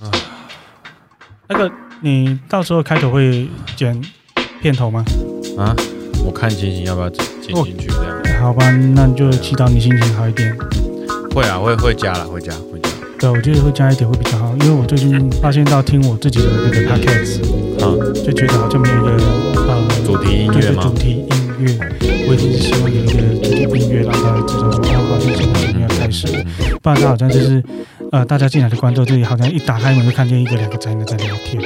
啊，那個你到時候開頭會剪片頭嗎？啊，我看情形要不要剪剪進去這樣？好吧，那你就祈禱你心情好一點。會啊，會會加了，會加會加，會加。對，我覺得會加一點會比較好，因為我最近發現到聽我自己的那個、嗯、podcast，啊、嗯，就覺得好像沒有一個主題音樂嘛，主題音樂，我一直是希望有一個主題音樂，讓大家知道我今天節目要開始了、嗯，不然它好像就是。呃，大家進來的觀眾，這裡好像一打開門就看見一個兩個宅男在聊天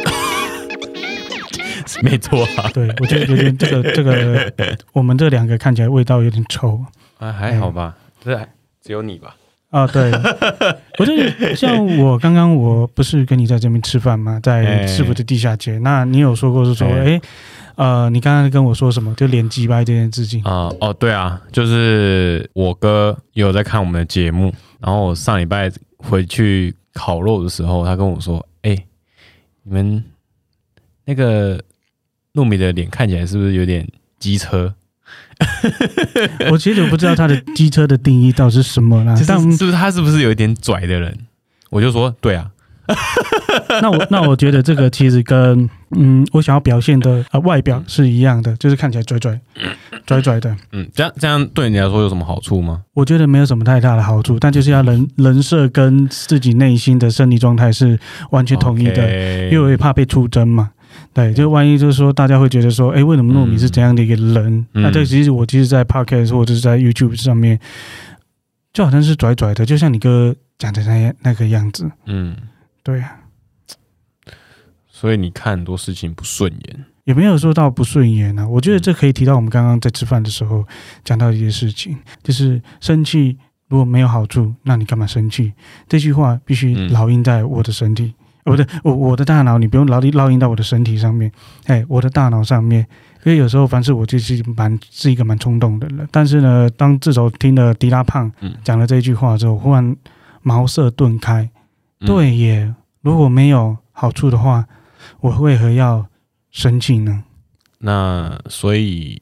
，沒錯、啊，對，我覺得有點這個這個，我們這兩個看起來味道有點臭啊，還好吧？這、欸、只有你吧、呃？啊，對， 我就像我剛剛我不是跟你在這邊吃飯嗎？在市府的地下街、欸，那你有說過是說，誒、欸欸，呃，你剛剛跟我說什麼？就連機吧這件事情啊，哦，對啊，就是我哥有在看我們的節目，然後上禮拜。回去烤肉的時候，他跟我說：“哎、欸，你們那個諾米的臉看起來是不是有點機車？” 我其實我不知道他的機車的定義到底是什麼啦，就是，是，是他是不是有一點拽的人？我就說對啊， 那我那我覺得這個其實跟。嗯，我想要表現的啊、呃，外表是一樣的，就是看起來拽拽拽拽的。嗯，這樣這樣對你來說有什麼好處嗎？我覺得沒有什麼太大的好處，但就是要人人設跟自己內心的生理狀態是完全統一的，Okay. 因為我也怕被出征嘛。對，就萬一就是說大家會覺得說，哎、欸，為什麼糯米是怎樣的一個人？嗯、那這其實我其實，在 Podcast、嗯、或者是在 YouTube 上面，就好像是拽拽的，就像你哥講的那那個樣子。嗯，對啊。所以你看很多事情不順眼，也沒有說到不順眼啊。我覺得這可以提到我們剛剛在吃飯的時候講到一些事情，嗯、就是生氣如果沒有好處，那你幹嘛生氣？這句話必須烙印在我的身體，不、嗯、對，我的我，我的大腦，你不用老印烙印到我的身體上面，嗯、嘿，我的大腦上面。所以有時候，凡是我就是蠻是一個蠻衝動的人，但是呢，當自從聽了迪拉胖講了這句話之後，嗯、忽然茅塞頓開。嗯、對耶，也如果沒有好處的話，我為何要生氣呢？那所以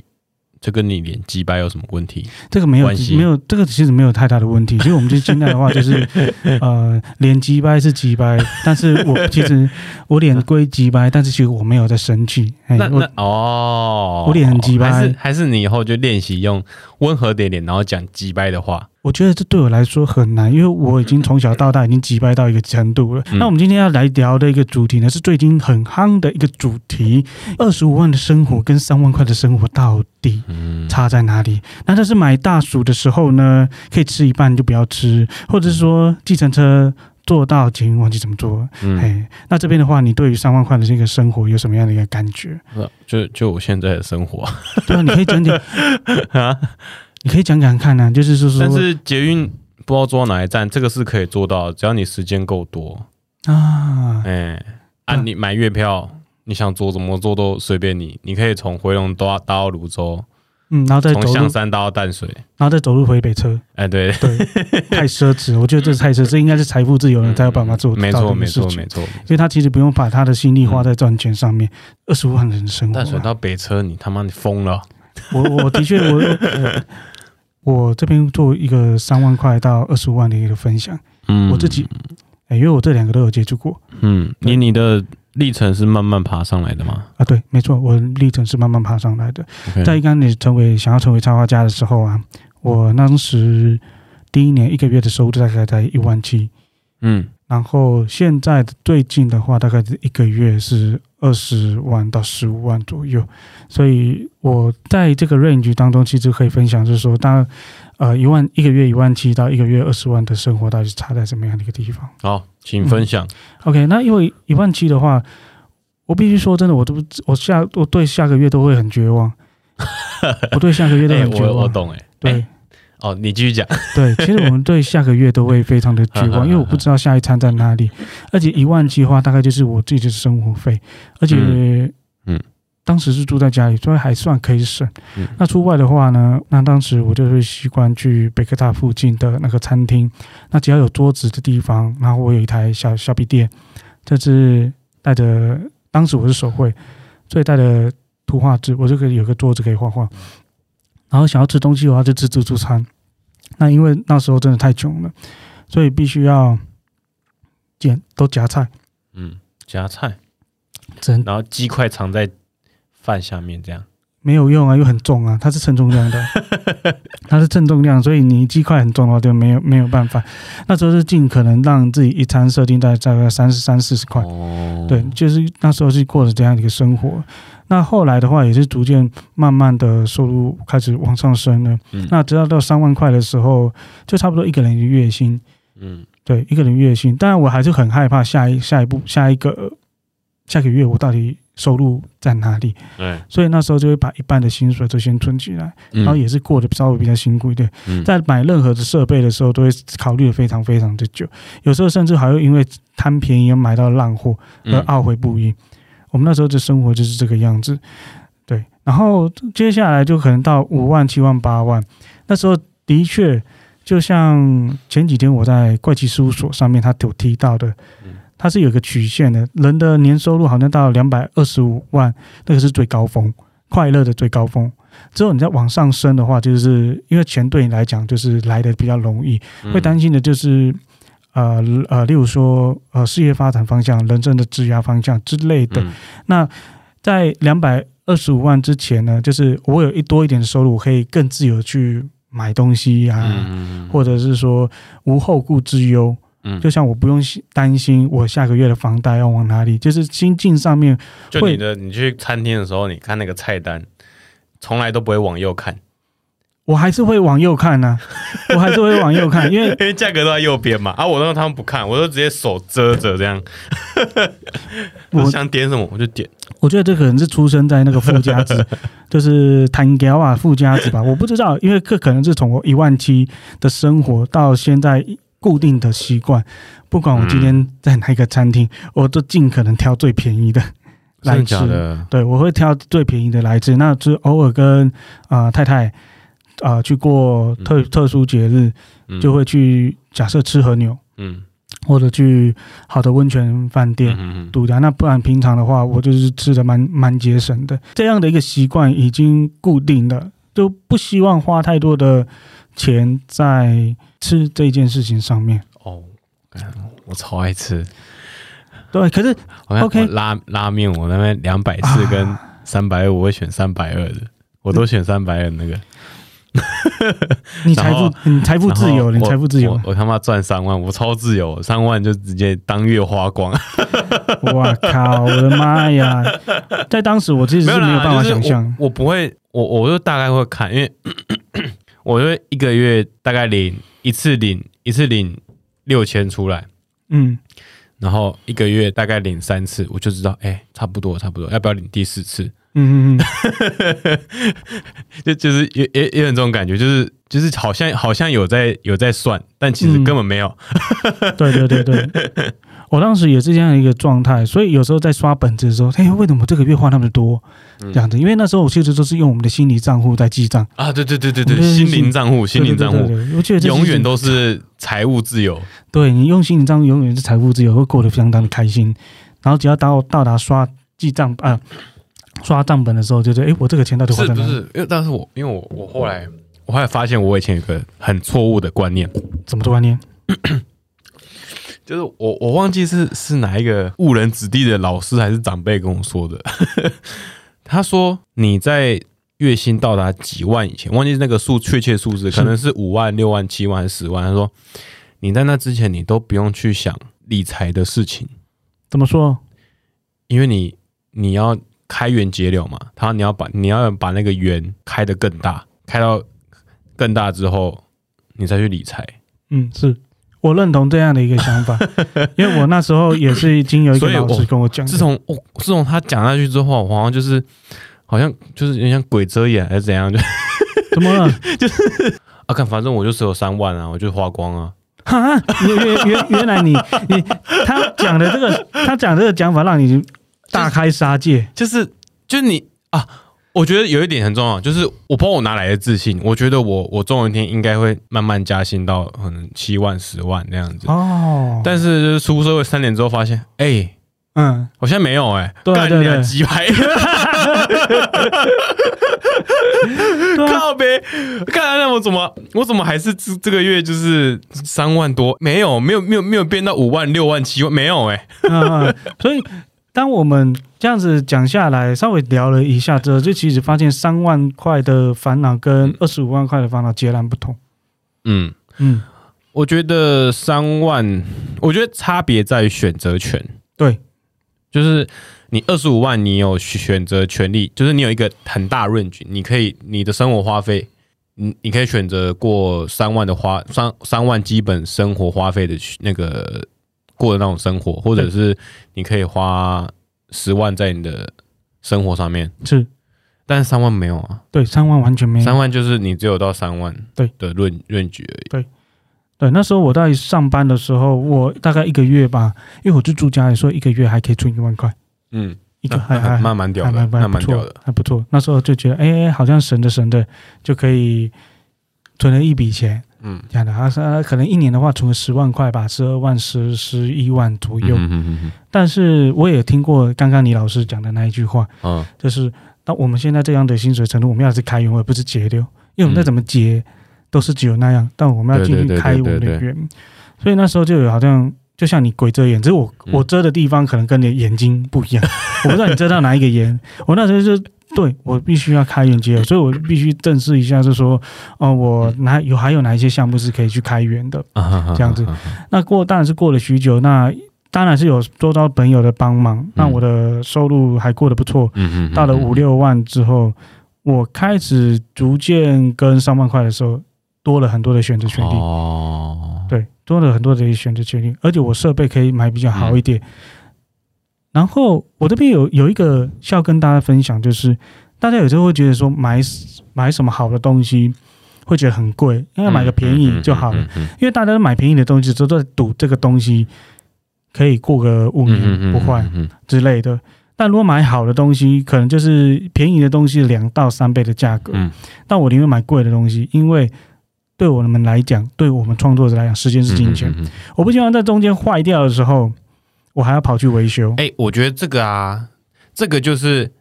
這跟你臉雞掰有什麼問題？這個沒有關係，沒有，這個其實沒有太大的問題。其實我們就是現在的話，就是 呃，臉雞掰是雞掰，但是我其實 我臉歸雞掰，但是其實我沒有在生氣。 那那哦，我臉很雞掰，哦，還是還是你以後就練習用溫和點臉，然後講雞掰的話。我覺得這對我來說很難，因為我已經從小到大已經擊敗到一個程度了，嗯。那我們今天要來聊的一個主題呢，是最近很夯的一個主題，二十五萬的生活跟三萬塊的生活到底差在哪裡？那，嗯，這是買大薯的時候呢，可以吃一半就不要吃，或者是說計程車坐到前經忘記怎麼坐。嗯，嘿那這邊的話，你對於三萬塊的這個生活有什麼樣的一個感覺？就就我現在的生活。對啊，你可以講講啊。你可以講講看呢、啊，就是、就是說，但是捷運不知道坐到哪一站，嗯、這個是可以做到，只要你時間夠多啊。哎、欸，按、啊、你買月票，嗯、你想坐怎麼坐都隨便你。你可以從回龍搭搭到蘆洲，嗯，然後再從象山搭到淡水，然後再走路回北車。哎，欸、對對，對，太奢侈， 我覺得這太奢侈，這應該是財富自由人、嗯、才有辦法做。沒錯沒錯沒錯，所以他其實不用把他的心力花在賺錢上面，二十五萬人生活、啊。淡水到北車，你他媽你瘋了！ 我我的確我、呃、我這邊做一個三萬塊到二十五萬的一個分享，嗯，我自己，欸、因為我這兩個都有接觸過，嗯，你你的歷程是慢慢爬上來的嗎？啊，對，沒錯，我歷程是慢慢爬上來的。Okay、在剛剛你成為想要成為插畫家的時候啊，我當時第一年一個月的收入大概在一萬七，嗯，然後現在最近的話，大概是一個月是。二十萬到十五萬左右，所以我在這個 range 當中，其實可以分享，就是說，當呃一萬一個月一萬七到一個月二十萬的生活，到底是差在什麼樣的一個地方、嗯？好、哦，請分享。OK，那因為一萬七的話，我必須說真的我，我都我下我對下個月都會很絕望， 我對下個月都很絕望。欸、我，我懂、欸、對。欸哦，你繼續講。對，其實我們對下個月都會非常的絕望，因為我不知道下一餐在哪裡。而且一萬計劃大概就是我自己的生活費。而且，嗯，當時是住在家裡，所以還算可以省。那出外的話呢，那當時我就會習慣去北科大附近的那個餐廳。那只要有桌子的地方，然後我有一台小小筆電，這，就是帶着。當時我是手繪，所以帶着圖畫紙，我就可以有個桌子可以畫畫。然後想要吃東西的話，就吃自助餐。那因為那時候真的太窮了，所以必須要撿都夾菜。嗯，夾菜。真。然後雞塊藏在飯下面，這樣沒有用啊，又很重啊。它是稱重量的， 它是稱重量，所以你雞塊很重的話就沒有沒有辦法。那時候是盡可能讓自己一餐設定在大，大概三十三四十塊。哦。對，就是那時候是過着這樣的一個生活。那後來的話，也是逐漸慢慢的收入開始往上升了。嗯。那直到到三萬塊的時候，就差不多一個人月薪。嗯，對，一個人月薪。但我還是很害怕下一下一步下一個下個月我到底收入在哪裡？對，所以那時候就會把一半的薪水都先存起來，嗯、然後也是過得稍微比較辛苦一點。嗯、在買任何的設備的時候，都會考慮的非常非常的久，有時候甚至還會因為貪便宜而買到爛貨而懊悔不已。嗯嗯我們那時候的生活就是這個樣子，對。然後接下來就可能到五萬、七萬、八萬。那時候的確，就像前幾天我在怪奇事務所上面，他有提到的，他是有個曲線的。人的年收入好像到兩百二十五萬，那個是最高峰，快樂的最高峰。之後你再往上升的話，就是因為錢對你來講就是來得比較容易，會擔心的就是。呃呃，例如說呃，事業發展方向、人生的質押方向之類的。嗯、那在兩百二十五萬之前呢，就是我有一多一點的收入，可以更自由去買東西啊，嗯嗯嗯，或者是說無後顧之憂。嗯，就像我不用擔心我下個月的房貸要往哪裡。就是心境上面，就你的，你去餐廳的時候，你看那個菜單，從來都不會往右看。我還是會往右看呢、啊，我還是會往右看，因為 因為價格都在右邊嘛。啊，我讓他們不看，我就直接手遮着這樣。 我想點什麼我就點。我覺得這可能是出生在那個富家子， 就是彈格爾啊富家子吧。我不知道，因為這可能是從我一萬七的生活到現在固定的習慣。不管我今天在哪一個餐廳，嗯、我都盡可能挑最便宜的來吃的的。對，我會挑最便宜的來吃。那就偶爾跟啊、呃、太太。啊、呃，去過特特殊節日、嗯，就會去假設吃和牛，嗯，或者去好的溫泉飯店度假、嗯。那不然平常的話，我就是吃的蠻蠻節省的。這樣的一個習慣已經固定了，就不希望花太多的錢在吃這件事情上面。哦，我超愛吃。對，可是 OK 拉拉麵，我那邊兩百四跟三百五，我 ,320、啊、我會選三百二的，我都選三百二那個。嗯 你財富，你財富自由，你財富自由我我。我他媽賺三萬，我超自由，三萬就直接當月花光 哇靠！我的媽呀！在當時，我其實是沒有辦法想象、就是。我不會，我我就大概會看，因為咳咳咳我就一個月大概領一次，領一次領六千出來，嗯，然後一個月大概領三次，我就知道，哎、欸，差不多，差不多，要不要領第四次？嗯嗯嗯，就就是有、有、也有這種感覺，就是就是好像好像有在有在算，但其實根本沒有、嗯。 對對對對，我當時也是這樣一個狀態，所以有時候在刷本子的時候，哎、欸，為什麼這個月花那麼多？嗯、這樣子，因為那時候我其實都是用我們的心理賬戶在記賬啊。對對對對對，心靈賬戶，心靈賬戶，我覺得永遠都是財務自由。對對對對，對，你用心理帳戶，永遠是財務自由，會過得相當的開心。然後只要到到達刷記賬啊。呃刷賬本的時候，就覺得，哎、欸，我這個錢到底是不是？因為當時我，但是我因為我我後來我後來發現，我以前有個很錯誤的觀念。怎麼做觀念咳咳？就是我我忘記是是哪一個誤人子弟的老師還是長輩跟我說的。 他說：“你在月薪到達幾萬以前，忘記那個數確切數字，可能是五萬、六萬、七萬、十萬。他說你在那之前，你都不用去想理財的事情。怎麼說？因為你你要。”開源節流嘛，他你要把你要把那個源開得更大，開到更大之後，你再去理財。嗯，是我認同這樣的一個想法， 因為我那時候也是已經有一個老師跟我講、哦，自從、哦、自從他講下去之後，我好像就是好像就是有點像鬼遮眼還是怎樣，就怎麼了？就是啊，看反正我就只有三萬啊，我就花光啊。哈哈，原原原來你你他講的這個他講這個講法讓你。大開殺戒、就是，就是，就是你啊！我覺得有一點很重要，就是我不知道我哪來的自信。我覺得我我總有一天應該會慢慢加薪到可能七萬、十萬那樣子哦。但是出社會三年之後發現，哎、欸，嗯，好像沒有哎、欸，對對對幹了兩幾百，靠北！看那我怎麼，我怎麼還是這這個月就是三萬多沒？沒有，沒有，沒有，沒有變到五萬、六萬、七萬？沒有哎、欸嗯，嗯、 所以。當我們這樣子講下來，稍微聊了一下之後，這就其實發現三萬塊的煩惱跟二十五萬塊的煩惱截然不同。嗯嗯，我覺得三萬，我覺得差別在於選擇權。對，就是你二十五萬，你有選擇權利，就是你有一個很大 r a 你可以你的生活花費，你你可以選擇過三萬的花，三三萬基本生活花費的那個。過的那種生活，或者是你可以花十萬在你的生活上面，是，但是三萬沒有啊？對，三萬完全沒有。三萬就是你只有到三萬，對的論論據而已。對對，那時候我在上班的時候，我大概一個月吧，因為我住住家裡，所以，一個月還可以存一萬塊。嗯，一個還還蠻蠻屌的，還蠻不錯的，還不錯。那時候就覺得，哎、欸，好像省著省著，省著，就可以存了一筆錢。嗯，這樣的，說、啊、他可能一年的話存了十萬塊吧，十二萬十、十十一萬左右。嗯嗯嗯。但是我也聽過剛剛李老師講的那一句話，哦、就是那我們現在這樣的薪水程度，我們要是開源而不是節流，因為我們再怎麼節、嗯、都是只有那樣，但我們要進行開源。對對對對對對，所以那時候就有好像就像你鬼遮眼，只是我我遮的地方可能跟你眼睛不一樣，嗯、我不知道你遮到哪一個眼。 我那時候是。對，我必須要開源節流，所以我必須正視一下，就是說，哦、呃，我哪有還有哪一些項目是可以去開源的，這樣子。那過當然是過了許久，那當然是有周遭朋友的幫忙，那我的收入還過得不錯。嗯嗯。到了五六萬之後、嗯哼哼哼哼，我開始逐漸跟三萬塊的時候，多了很多的選擇權利。哦。對，多了很多的選擇權利，而且我設備可以買比較好一點。嗯然後我這邊有有一個需要跟大家分享，就是大家有時候會覺得說，買買什麼好的東西會覺得很貴，應該買個便宜就好了，嗯嗯嗯嗯、因為大家都買便宜的東西都在賭這個東西可以過個五年不壞之類的。但如果買好的東西，可能就是便宜的東西兩到三倍的價格。但我寧願買貴的東西，因為對我們來講，對我們創作者來講，時間是金錢，嗯嗯嗯嗯、我不希望在中間壞掉的時候。我還要跑去維修。哎、欸，我覺得這個啊，這個就是，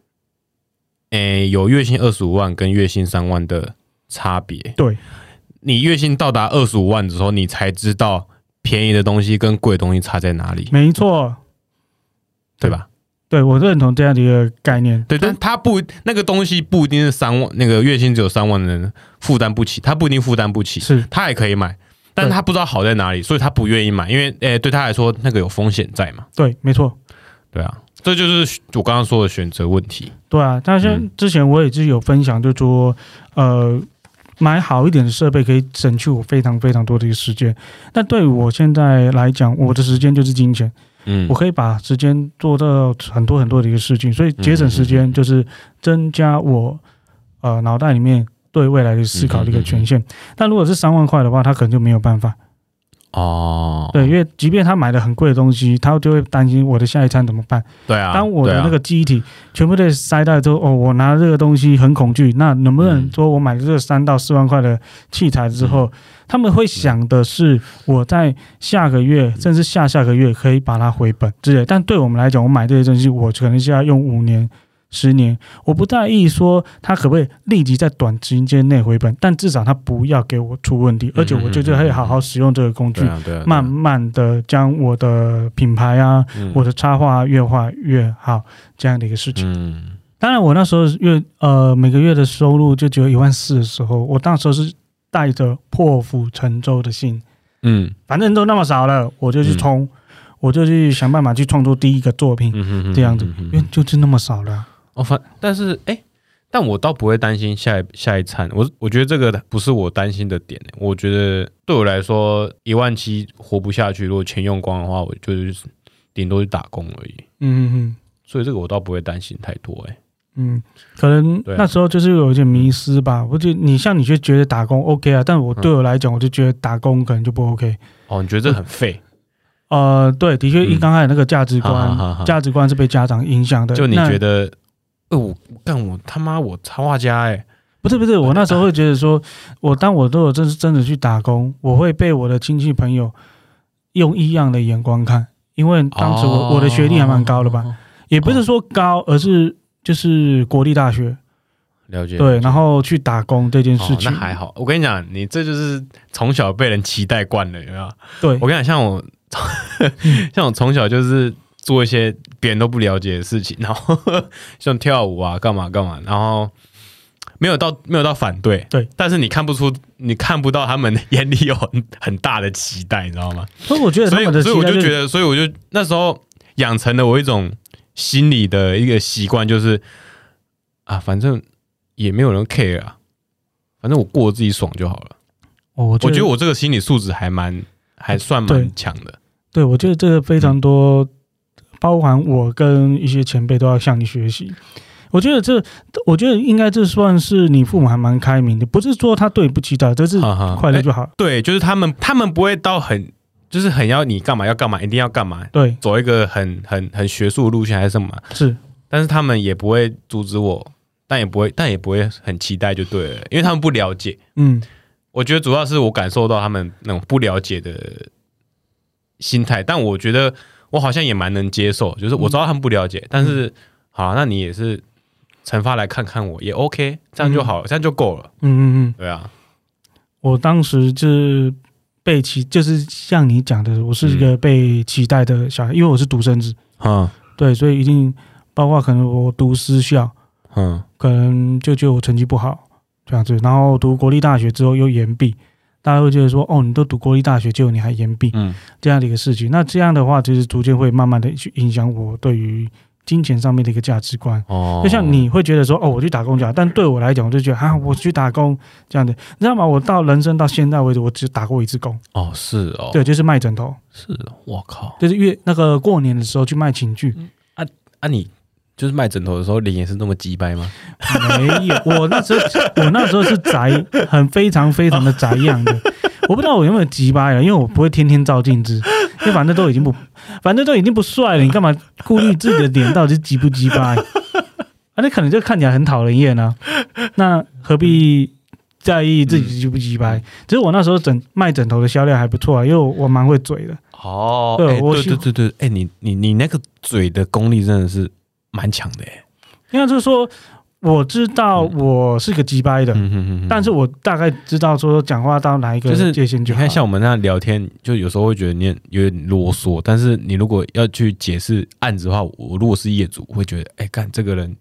哎、欸，有月薪二十五萬跟月薪三萬的差別。對，你月薪到達二十五萬的時候，你才知道便宜的東西跟貴的東西差在哪裡。沒錯，對吧？對，我認同這樣的一個概念。對，但他不，那個東西不一定是三萬，那個月薪只有三萬的人負擔不起，他不一定負擔不起，是他也可以買。但他不知道好在哪裡，所以他不願意買，因為誒、欸，對他來說那個有風險在嘛？對，沒錯，對啊，這就是我剛剛說的選擇問題。對啊，但是之前我也是有分享，就是說呃，買好一點的設備可以省去我非常非常多的一個時間。那對我現在來講，我的時間就是金錢，嗯，我可以把時間做到很多很多的一個事情，所以節省時間就是增加我呃腦袋裡面。對未來的思考的一個權限，但如果是三萬塊的話，他可能就沒有辦法哦。對，因為即便他買的很貴的東西，他就會擔心我的下一餐怎麼辦？對啊。當我的那個機體全部都塞到之後，哦，我拿這個東西很恐懼。那能不能說我買了這個三到四萬塊的器材之後，他們會想的是我在下個月甚至下下個月可以把它回本，之類？但對我們來講，我買這些東西，我可能需要用五年。十年，我不在意說他可不可以立即在短時間內回本，但至少他不要給我出問題。而且，我就覺得會好好使用這個工具，嗯嗯嗯、慢慢的將我的品牌啊，嗯、我的插畫、啊、越畫越好這樣的一個事情。嗯、當然，我那時候是月呃每個月的收入就只有一萬四的時候，我那時候是帶着破釜沉舟的心，嗯，反正都那麼少了，我就去衝、嗯，我就去想辦法去創作第一個作品、嗯嗯嗯，這樣子，因為就是那麼少了。哦，反但是哎、欸，但我倒不會擔心下一下一餐。我我覺得這個不是我擔心的點、欸。我覺得對我來說，一萬七活不下去，如果錢用光的話，我就頂多去打工而已。嗯嗯嗯，所以這個我倒不會擔心太多、欸。哎，嗯，可能那時候就是有一點迷失吧。我覺得你像你，就覺得打工 OK 啊，但我對我來講，我就覺得打工可能就不 OK、嗯。哦，你覺得這很廢、嗯？呃，對，的確，一剛才那個價值觀，價、嗯、值觀是被家長影響的。就你覺得？呃，我但我他媽我插畫家哎、欸，不是不是，我那時候會覺得說，我當我都有真真的去打工，我會被我的親戚朋友用異樣的眼光看，因為當時我、哦、我的學歷還蠻高的吧、哦，也不是說高、哦，而是就是國立大學。了解。對，然後去打工這件事情，哦、那還好。我跟你講，你這就是從小被人期待慣了，對吧？對，我跟你講，像我，像我從小就是。嗯做一些別人都不了解的事情，然後像跳舞啊，幹嘛幹嘛，然後沒有到沒有到反對，對，但是你看不出，你看不到他們眼裡有很很大的期待，你知道嗎？所以我覺得，所以所以我就覺得，所以我就那時候養成了我一種心理的一個習慣，就是啊，反正也沒有人 care 啊，反正我過自己爽就好了。哦，我覺我覺得我這個心理素質還蠻還算蠻強的。對，對，我覺得這個非常多，嗯。包含我跟一些前輩都要向你學習，我覺得這，我覺得應該這算是你父母還蠻開明的，不是說他對你不期待，就是快樂就好，呵呵、欸、好。對，就是他們，他們不會到很，就是很要你幹嘛要幹嘛，一定要幹嘛，對，走一個很很很學術的路線還是什麼？是，但是他們也不會阻止我，但也不會，但也不會很期待就對了，因為他們不了解。嗯，我覺得主要是我感受到他們那種不了解的心態，但我覺得。我好像也蠻能接受，就是我知道他們不了解，嗯、但是好，那你也是懲罰來看看我也 OK，這樣就好了，嗯，這樣就夠了。嗯嗯嗯，對啊。我當時就是被期，就是像你講的，我是一個被期待的小孩，嗯，因為我是獨生子啊，嗯，對，所以一定包括可能我讀私校，嗯，可能就覺得我成績不好這樣子，然後讀國立大學之後又延畢。大家會覺得說，哦，你都讀國立大學，結果你還延畢，嗯、這樣的一個事情。那這樣的話，就是逐漸會慢慢的去影響我對於金錢上面的一個價值觀。哦，就像你會覺得說，哦，我去打工就好，但對我來講，我就覺得啊，我去打工這樣的，你知道嗎？我到人生到現在為止，我只打過一次工。哦，是哦，對，就是賣枕頭。是，我靠，就是月那個過年的時候去賣寢具、嗯。啊啊，你。就是賣枕頭的時候，臉也是那麼雞掰嗎？沒有，我那時候我那時候是宅，很非常非常的宅樣的。的、啊。我不知道我有沒有雞掰了，因為我不會天天照鏡子，因為反正都已經不，反正都已經不帥了，你幹嘛顧慮自己的臉到底是雞不雞掰？啊，那可能就看起來很討人厭啊，那何必在意自己雞不雞掰？只、嗯、是我那時候整賣枕頭的銷量還不錯啊，因為我我蠻會嘴的。哦，對、欸，對對對對，哎、欸，你你你那個嘴的功力真的是。蠻強的、欸，你看，就是說，我知道我是個雞掰的、嗯嗯嗯嗯，但是我大概知道說講話到哪一個就,就是界限，就你看，像我們那樣聊天，就有時候會覺得你有點囉嗦。但是你如果要去解釋案子的話，我如果是業主，我會覺得，哎、欸，幹這個人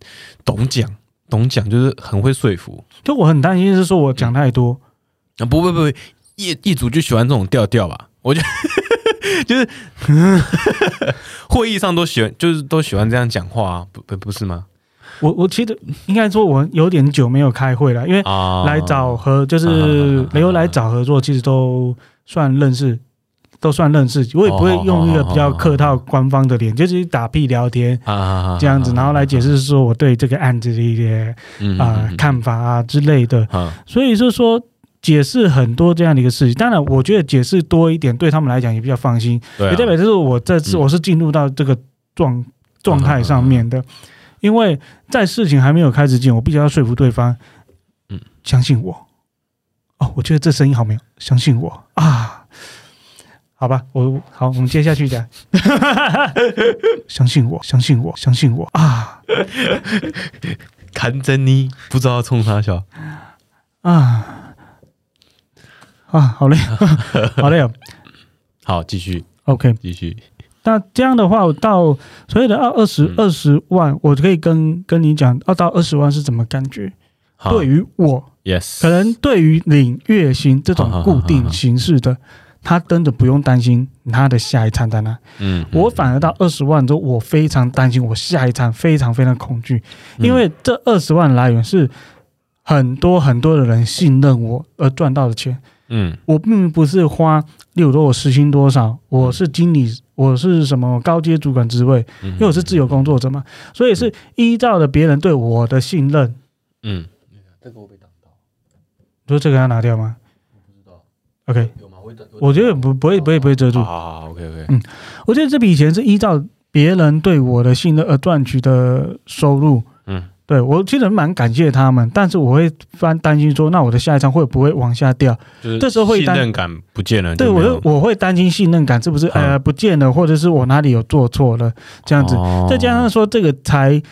懂講，懂講，就是很會說服。就我很擔心是說我講太多。啊、嗯，不,不不不，業業主就喜歡這種調調吧，我覺得。 就是 會議上都喜歡，就是都喜歡這樣講話，啊，不不不是嗎？我我其實應該說，我有點久沒有開會了，因為來找合就是沒有來找合作，其實都算認識，都算認識。我也不會用一個比較客套、官方的臉，哦，就是打屁聊天，哦，這樣子，哦，然後來解釋說我對這個案子的一些啊、嗯呃嗯、看法啊之類的。哦，所以就是說。解釋很多這樣的一個事情，當然我覺得解釋多一點對他們來講也比較放心，對啊嗯、也代表就是我這次我是進入到這個狀狀態上面的，因為在事情還沒有開始前，我必須要說服對方，嗯，相信我。哦，我覺得這聲音好沒有？相信我啊！好吧，我好，我們接下去講。相信我，相信我，相信我，相信我啊！看着你，不知道衝啥笑啊！啊，好累，好累哦。 好，繼續，OK，繼續。那這樣的話，我到所有的二二十二十萬，嗯，我可以跟跟你講，二到二十萬是怎麼感覺？嗯、對於我、yes、可能對於領月薪這種固定形式的、嗯嗯，他真的不用擔心他的下一餐在哪嗯。嗯，我反而到二十萬之後，我非常擔心我下一餐，非常非常恐懼，嗯、因為這二十萬來源是很多很多的人信任我而賺到的錢。嗯，我並不是花六多，例如說我時薪多少？我是經理，我是什麼高階主管職位？因為我是自由工作者嘛，所以是依照了別人對我的信任。嗯，這個我被擋到，你說這個要拿掉嗎？不知道。OK，我覺得不不會不會不會遮住。好好好，OK OK。嗯，我覺得這筆錢是依照別人對我的信任而賺取的收入。嗯。對我其實蠻感謝他們，但是我會非常擔心說，那我的下一張會不會往下掉？這時候信任感不見了。對我，我會擔心信任感是不是、嗯、呃不見了，或者是我哪裡有做錯了這樣子、哦。再加上說這個財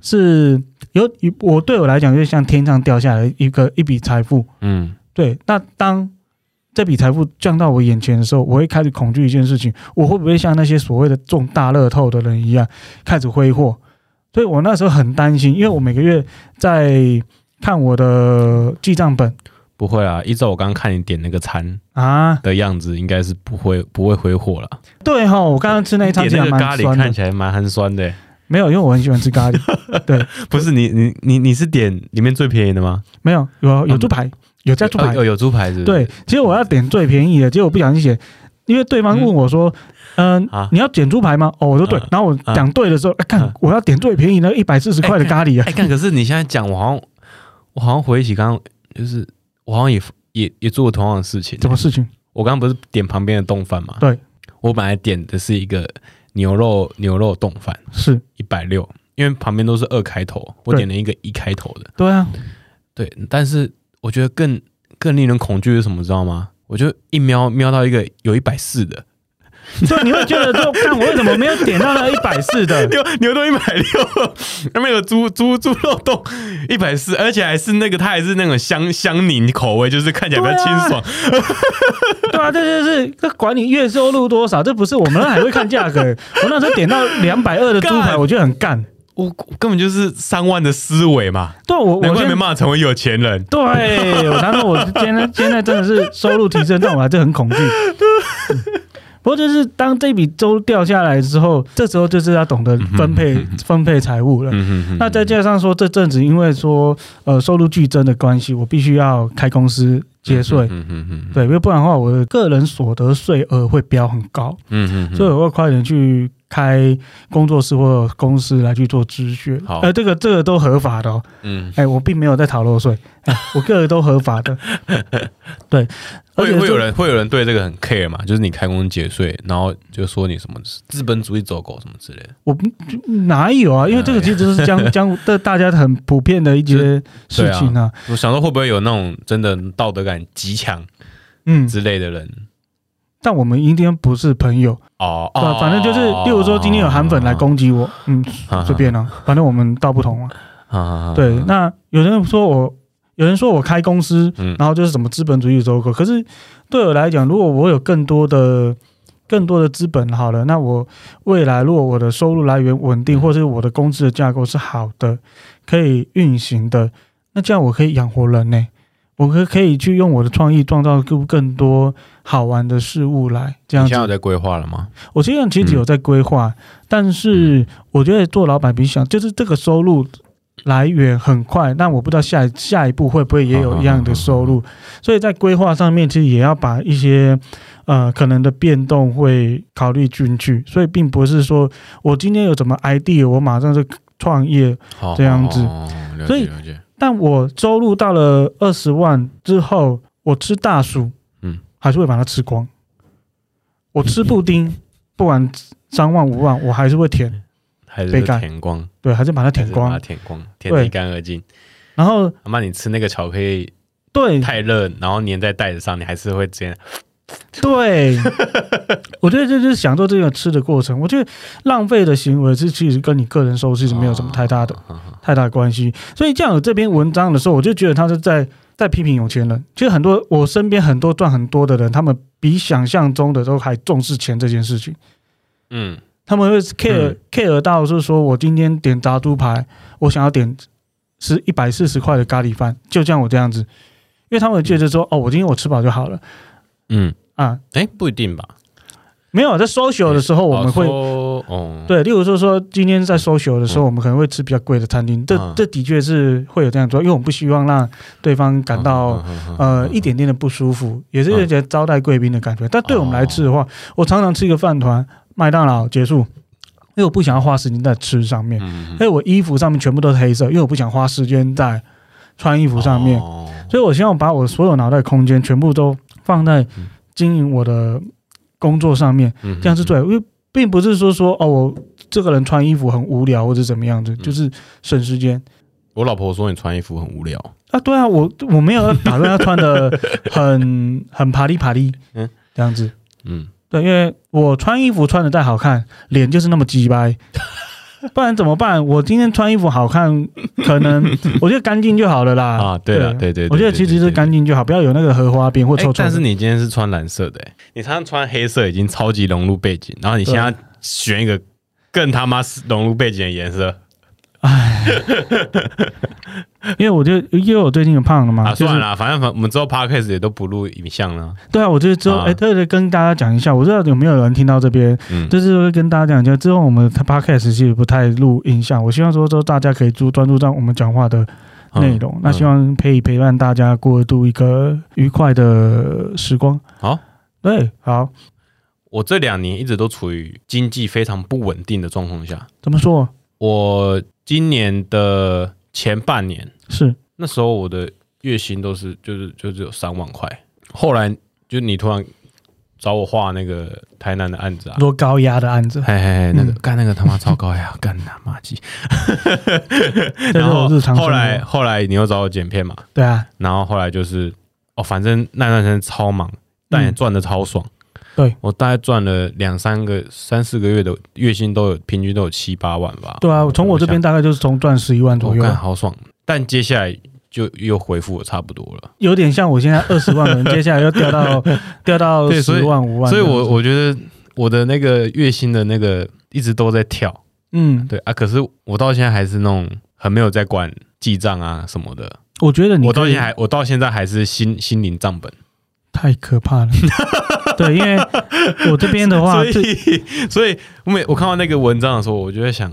是有，我對我來講就像天上掉下來一個一筆財富。嗯，對。那當這筆財富降到我眼前的時候，我會開始恐懼一件事情：我會不會像那些所謂的中大樂透的人一樣，開始揮霍？所以我那時候很擔心，因為我每個月在看我的記賬本。不會啊，依照我剛剛看你點那個餐啊的樣子，啊、應該是不會不會揮霍了。對哈，我剛剛吃那一餐其實蠻酸的，看起來蠻寒酸的、欸。沒有，因為我很喜歡吃咖喱。 對，不是你你你你是點裡面最便宜的嗎？沒有，有有豬排，有加豬排，哦、有有豬排是，是。對，其實我要點最便宜的，結果不小心寫，因為對方問我說。嗯嗯、呃啊、你要點豬排嗎？哦，我說對、嗯，然後我講對的時候，哎、嗯，看我要點最便宜的一百四十塊的咖喱。啊。哎，看可是你現在講，我好像我好像回憶起剛剛就是我好像也也也做過同樣的事情。什麼事情？我剛剛不是點旁邊的丼飯嗎？對，我本來點的是一個牛肉牛肉丼飯，是一百六，160，因為旁邊都是二開頭，我點了一個一開頭的對。對啊，對，但是我覺得更更令人恐懼的是什麼？知道嗎？我就一瞄瞄到一個有一百四的。對， 你會覺得就看我為什麼沒有點到那一百四的牛牛丼一百六，那麼有豬豬豬肉丼一百四，140, 而且還是那個，它還是那種香香檸口味，就是看起來比較清爽。對啊， 對啊這就是，這管你月收入多少，這不是我們那還會看價格。我那時候點到兩百二的豬排， 我就很幹，我根本就是三萬的思維嘛。對，我我根本沒辦法成為有錢人。 對，我想說我現在現在真的是收入提升，讓我還是很恐懼。不過就是當這筆周掉下來之後，這時候就是要懂得分配分配財務了。那再加上說這陣子因為說呃收入劇增的關係，我必須要開公司節稅，嗯、哼哼哼對，因為不然的話我的個人所得稅額會飆很高，嗯、哼哼所以我會快點去，開工作室或者公司來去做諮詢，好，呃，這個這個都合法的，哦。嗯，哎、欸，我並沒有在討論稅，我個人都合法的。 對會，而且會有人會有人對這個很 care 嘛？就是你開工節稅，然後就說你什麼資本主義走狗什麼之類的。我哪有啊？因為這個其實就是江江的大家很普遍的一些事情啊，啊。我想說會不會有那種真的道德感極強，嗯，之類的人？嗯但我們今天不是朋友哦，哦，反正就是，例如說今天有韓粉來攻擊我，嗯，隨便啊，quirna, 反正我們道不同啊，啊，對。那有人說我，有人說我開公司，然後就是什麼資本主義走狗，嗯、可是對我來講，如果我有更多的、更多的資本，好了，那我未來如果我的收入來源穩定、嗯，或者是我的公司的架構是好的，可以運行的，那這樣我可以養活人呢。我可以去用我的創意創造出更多好玩的事物來這樣子。你現在有在規劃了嗎？我現在其實有在規劃，但是我覺得做老闆比較想，就是這個收入來源很快，那我不知道下下一步會不會也有一樣的收入，所以在規劃上面其實也要把一些呃可能的變動會考慮進去，所以並不是說我今天有什麼 idea，我馬上就創業這樣子，所以好好好。但我收入到了二十萬之後，我吃大薯，嗯，還是會把它吃光。嗯、我吃布丁，不管三萬五萬，我還是會舔，還是會舔光。對，還是把它舔光，舔光，舔一乾二淨。然後，阿嬤，你吃那個巧克力，對，太熱，然後粘在袋子上，你還是會這樣。 對，我覺得這就是享受這個吃的過程。我覺得浪費的行為是其實跟你個人收入是沒有什麼太大的、太大的關係。所以，這樣有這篇文章的時候，我就覺得他是在在批評有錢人。其實，很多我身邊很多賺很多的人，他們比想象中的都還重視錢這件事情。嗯，他們會 care care 到是說，我今天點炸豬排，我想要點吃一百四十塊的咖喱飯，就像我這樣子，因為他們覺得說，哦，我今天我吃飽就好了。嗯啊，哎、嗯、欸，不一定吧？沒有，在 social 的時候我們會，對，例如說說今天在 social 的時候，我們可能會吃比較貴的餐廳。這這的確是會有這樣做，因為我們不希望讓對方感到呃、嗯嗯嗯、一點點的不舒服，也是有點招待貴賓的感覺、嗯。但對我們來吃的話，我常常吃一個飯糰，麥當勞結束，因為我不想要花時間在吃上面。因為我衣服上面全部都是黑色，因為我不想花時間在穿衣服上面。嗯嗯、所以，我希望把我所有腦袋空間全部都放在經營我的工作上面，這樣子。對，因為並不是說說哦，我這個人穿衣服很無聊或者怎麼樣子，嗯，就是省時間。我老婆說，你穿衣服很無聊啊，對啊，我我沒有打算要她穿的很 很啪哩啪哩嗯，這樣子，嗯，對，因為我穿衣服穿的再好看，臉就是那麼雞掰。不然怎麼辦？我今天穿衣服好看，可能 我覺得乾淨就好了啦。啊，對啊，對對，對對，我覺得其實是乾淨就好，對對對對對對對對不要有那個荷花邊或抽。但是你今天是穿藍色的，欸，你常常穿黑色已經超級融入背景，然後你現在選一個更他媽是融入背景的顏色。 哎， 因為我就，因為我最近也胖了嘛。啊就是、算了啦，反正反正我們之後 podcast 也都不錄影像了。對啊，我就是之後哎、啊欸，特別跟大家講一下，我不知道有沒有人聽到這邊、嗯，就是會跟大家講，就之後我們 podcast 其實不太錄影像。我希望說之後大家可以注專注在我們講話的內容、嗯。那希望可以陪伴大家度過一個愉快的時光。好、啊，對，好。我這兩年一直都處於經濟非常不穩定的狀況下、嗯。怎麼說？我今年的前半年是那時候，我的月薪都是就是就只有三萬塊。後來就你突然找我畫那個台南的案子啊，多高壓的案子、啊，嘿嘿嘿，那個幹、嗯、那個他媽超高壓，幹 他媽雞 對。 然後 後來後來你又找我剪片嘛，對啊，然後後來就是哦，反正那段時間超忙，但也賺的超爽。嗯對，我大概賺了兩三個、三四個月的月薪都有，平均都有七八萬吧。對啊，從我這邊大概就是從賺十一萬左右，哦、好爽！但接下來就又恢復差不多了，有點像我現在二十萬人， 接下來又掉到 掉到十萬五萬。所以我我覺得我的那個月薪的那個一直都在跳，嗯，對啊。可是我到現在還是那種很沒有在管記賬啊什麼的。我覺得你，我到現在還，我到現在還是心心靈賬本。太可怕了 對，因為我這邊的話，所以所以我每我看到那個文章的時候，我就在想，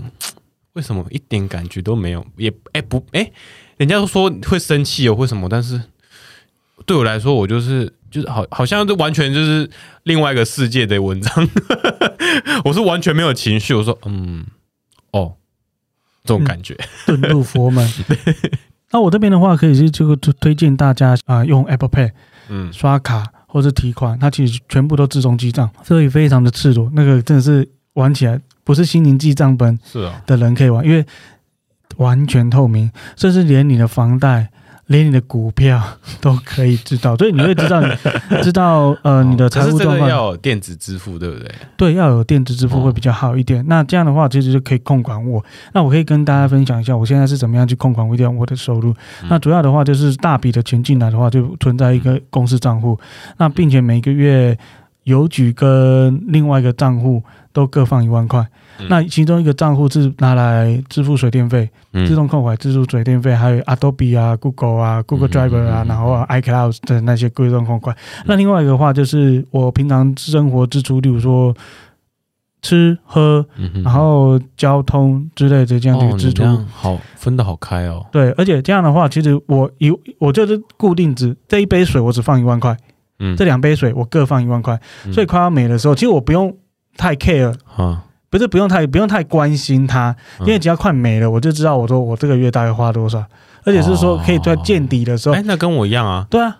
為什麼一點感覺都沒有？也哎、欸、不哎、欸，人家都說會生氣哦，會什麼？但是對我來說，我就是就是好，好像就完全就是另外一個世界的文章， 我是完全沒有情緒。我說嗯，哦，這種感覺，遁入佛門。對，那我這邊的話，可以就就推薦大家啊，用 Apple Pay。嗯，刷卡或是提款，它其實全部都自動記賬，所以非常的赤裸。那個真的是玩起來不是心靈記賬本，是啊，的人可以玩，因為完全透明，甚至連你的房貸。連你的股票都可以知道， 所以你會知道，你知道呃，你的財務狀況。要有電子支付，對不對？對，要有電子支付會比較好一點。那這樣的話，其實就可以控管我。那我可以跟大家分享一下，我現在是怎麼樣去控管一點我的收入。那主要的話就是大筆的錢進來的話，就存在一個公司賬戶。那並且每個月。郵局跟另外一個賬戶都各放一萬塊，嗯，那其中一個賬戶是拿來支付水電費，嗯，自動扣款支付水電費，嗯，還有 Adobe 啊、Google 啊、Google Driver 啊，嗯嗯嗯，然後 iCloud 的那些自動扣款，嗯嗯嗯。那另外一個的話就是我平常生活支出，比如說吃喝，然後交通之類的這樣的支出，哦、好分得好開哦。對，而且這樣的話，其實我有，我就是固定只這一杯水，我只放一萬塊。嗯、這兩杯水，我各放一萬塊、嗯，所以快要沒的時候，其實我不用太 care 啊、嗯，不是不用太不用太關心它、嗯，因為只要快沒了，我就知道我說我這個月大概花多少，而且是說可以在見底的時候。哎、哦哦哦哦，那跟我一樣啊，對啊。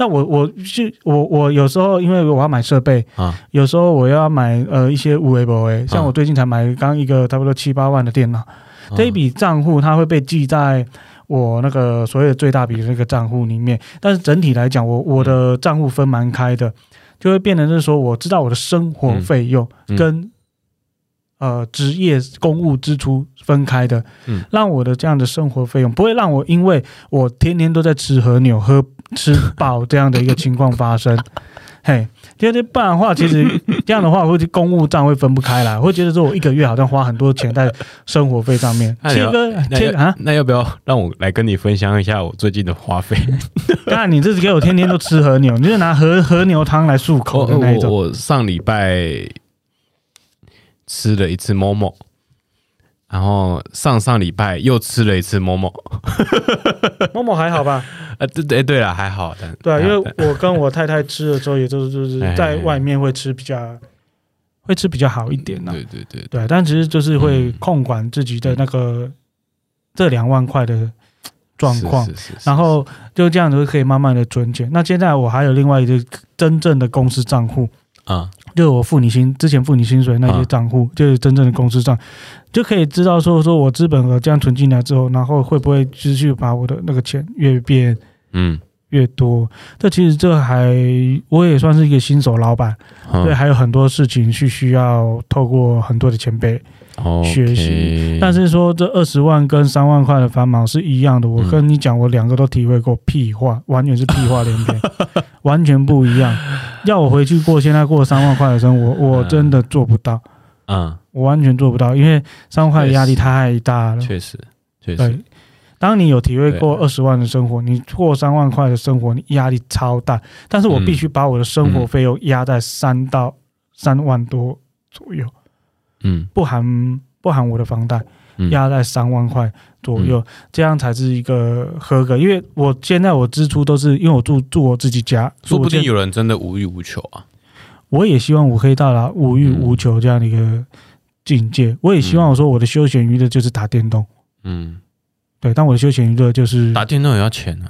但我我是我我有時候因為我要買設備啊、嗯，有時候我要買呃一些物 A P P，像我最近才買剛一個差不多七八萬的電腦，嗯、這一筆賬戶它會被記在，我那個所有的最大筆的那個賬戶裡面，但是整體來講，我我的賬戶分蠻開的，就會變成是說，我知道我的生活費用跟、嗯嗯、呃職業公務支出分開的、嗯，讓我的這樣的生活費用不會讓我因為我天天都在吃和牛喝吃飽這樣的一個情況發生。 嘿，第二不然的話，其實這樣的話，會公務賬會分不開了。會覺得說我一個月好像花很多錢在生活費上面。切 哥，切啊那，那要不要讓我來跟你分享一下我最近的花費？那 你這是給我天天都吃和牛， 你就拿和和牛湯來漱口的那種。我，我上禮拜吃了一次某某，然後上上禮拜又吃了一次某某，某 某還好吧？ 啊，對對對了還好，但對啊，因為我跟我太太吃的時候，也就是就是在外面會吃比較，會吃比較好一點、啊嗯、對對對對，但其實就是會控管自己的那個這兩萬塊的狀況，然後就這樣子可以慢慢的存錢。那現在我還有另外一個真正的公司賬戶啊、嗯，就是我付你薪之前付你薪水那些賬戶、嗯，就是真正的公司賬，嗯、就可以知道說說我資本額這樣存進來之後，然後會不會繼續把我的那個錢越變。嗯，越多。這其實，這還我也算是一個新手老板、嗯，對，還有很多事情是需要透過很多的前輩學習、嗯 okay。但是說，這二十萬跟三萬塊的煩惱是一樣的。我跟你講，我兩個都體會過，屁話，完全是屁話連篇， 完全不一樣。要我回去過現在過三萬塊的生活、嗯，我真的做不到啊、嗯！我完全做不到，因為三萬塊的壓力太大了。確實，確實。當你有體會過二十萬的生活，你過三萬塊的生活，你壓力超大。但是我必須把我的生活費用壓在三到三萬多左右，嗯，不含不含我的房貸，壓在三萬塊左右，嗯、這樣才是一個合格。因為我現在我支出都是因為我住住我自己家，說不定有人真的無欲無求啊。我也希望我可以到達無欲無求這樣的一個境界。嗯、我也希望我說我的休閒娛樂就是打電動，嗯，嗯。對，但我的休閒娛樂就是打電動也要錢啊，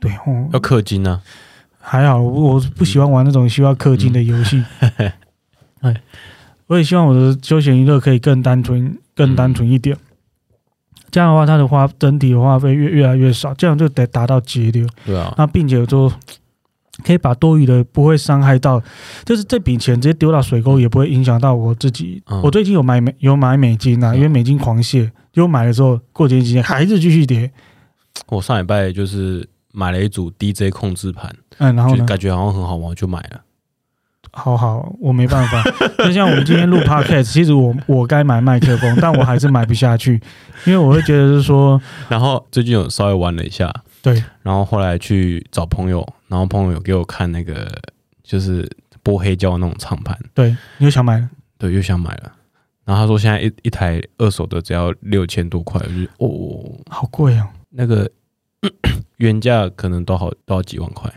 對哦，要氪金啊。還好，我不喜歡玩那種需要氪金的遊戲。哎、嗯嗯嘿嘿，我也希望我的休閒娛樂可以更單純、更單純一點、嗯。這樣的話，它的話整體的話費越越來越少，這樣就得達到節流。對啊，那並且就，可以把多餘的不會傷害到，就是這筆錢直接丟到水溝，也不會影響到我自己、嗯。我最近有買美有買美金啊，嗯、因為美金狂瀉。就買的時候，過節期間還是繼續跌。我上禮拜就是買了一組 DJ 控制盤，嗯，然後就感覺好像很好玩，就買了。好好，我沒辦法。就 像我們今天錄 Podcast， 其實我我該買麥克風，但我還是買不下去，因為我會覺得是說，然後最近有稍微玩了一下，對，然後後來去找朋友，然後朋友有給我看那個就是播黑膠的那種唱盤，對，你又想買了，對，又想買了。然後他說，現在一一台二手的只要六千多塊，我覺得哦，好貴哦，那個咳咳原價可能都好都要幾萬塊。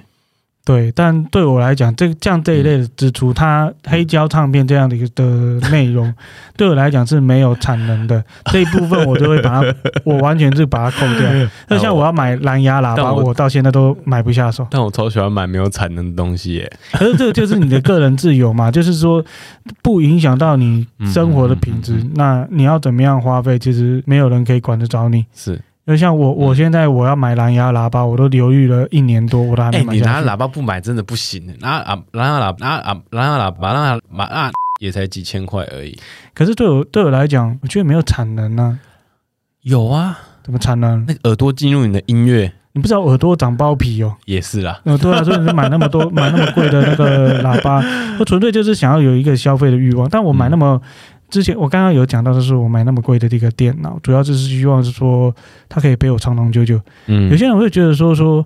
對，但對我來講，這個像這一類的支出，它黑膠唱片這樣的一個的內容， 對我來講是沒有產能的這一部分，我就會把它， 我完全是把它扣掉。那 像我要買藍牙喇叭，我到現在都買不下手但，但我超喜歡買沒有產能的東西耶。 可是這個就是你的個人自由嘛，就是說不影響到你生活的品質、 嗯嗯嗯嗯嗯嗯，那你要怎麼樣花費，其實沒有人可以管得着你。是。那像我，我現在我要買藍牙喇叭，我都猶豫了一年多。我沒買、欸、你藍牙喇叭不買真的不行。那啊，藍牙喇叭啊，藍牙喇叭那買啊,啊，啊啊啊、也才幾千塊而已。可是對我對我來講，我覺得沒有產能啊。有啊，怎麼產能？那個耳朵進入你的音樂，你不知道耳朵長包皮哦、喔。也是啦。嗯，對啊，所以你是買那麼多， 買那麼貴的那個喇叭，我純粹就是想要有一個消費的欲望。但我買那麼。之前我剛剛有講到，就是我買那麼貴的一個電腦，主要就是希望是說它可以陪我長長久久。嗯，有些人會覺得說說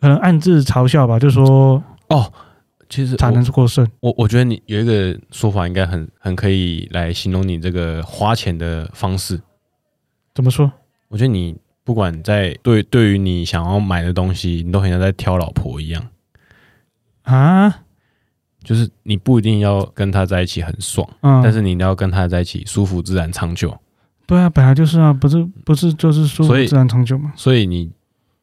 可能暗自嘲笑吧，就說、嗯、哦，其實產能是過剩。我我，我覺得你有一個說法應該很很可以來形容你這個花錢的方式，怎麼說？我覺得你不管在對對於你想要買的東西，你都很像在挑老婆一樣啊。就是你不一定要跟他在一起很爽，嗯，但是你要跟他在一起舒服自然長久。嗯、對啊，本來就是啊，不是不是就是舒服自然長久嘛。所以，所以你，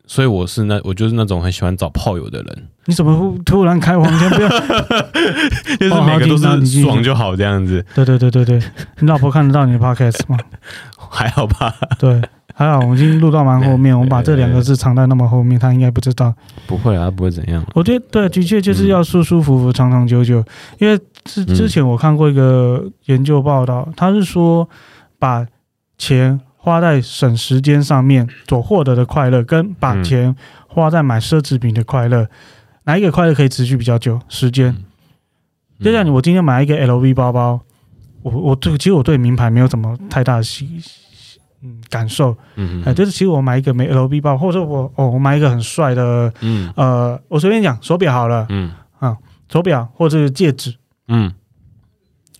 所以我是那我就是那種很喜歡找炮友的人。你怎麼突然開黃腔？不 要 就是每個都是爽就好這樣子。對對對對對，你老婆看得到你的 podcast 嗎？ 還好吧怕笑。對。還好，我們已經錄到蠻後面，我們把這兩個字藏在那麼後面，欸欸欸欸他應該不知道。不會啊，不會怎樣、啊。我覺得對，的確就是要舒舒服服、嗯、長長久久，因為是之前我看過一個研究報道他是說把錢花在省時間上面所獲得的快樂，跟把錢花在買奢侈品的快樂、嗯，哪一個快樂可以持續比較久？時間就像我今天買一個 LV 包包，我我對其實我對名牌沒有什麼太大的嗯，感受，嗯、呃，就是其實我買一個沒 L B 包，或者說我哦，我買一個很帥的，嗯，呃，我隨便講手表好了，嗯啊，手表或者是戒指，嗯，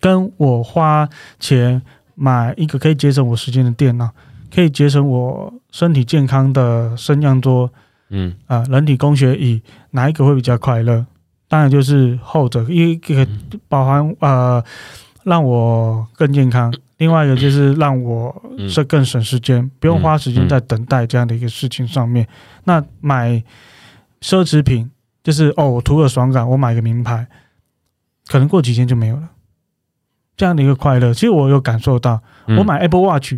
跟我花錢買一個可以節省我時間的電腦，可以節省我身體健康的升降桌，嗯啊、呃，人體工學椅，哪一個會比較快樂？當然就是後者，一個包含呃，讓我更健康。另外一個就是讓我是更省時間，嗯，不用花時間在等待這樣的一個事情上面。嗯、那買奢侈品就是哦，我圖個爽感，我買個名牌，可能過幾天就沒有了。這樣的一個快樂，其實我有感受到，嗯。我買 Apple Watch，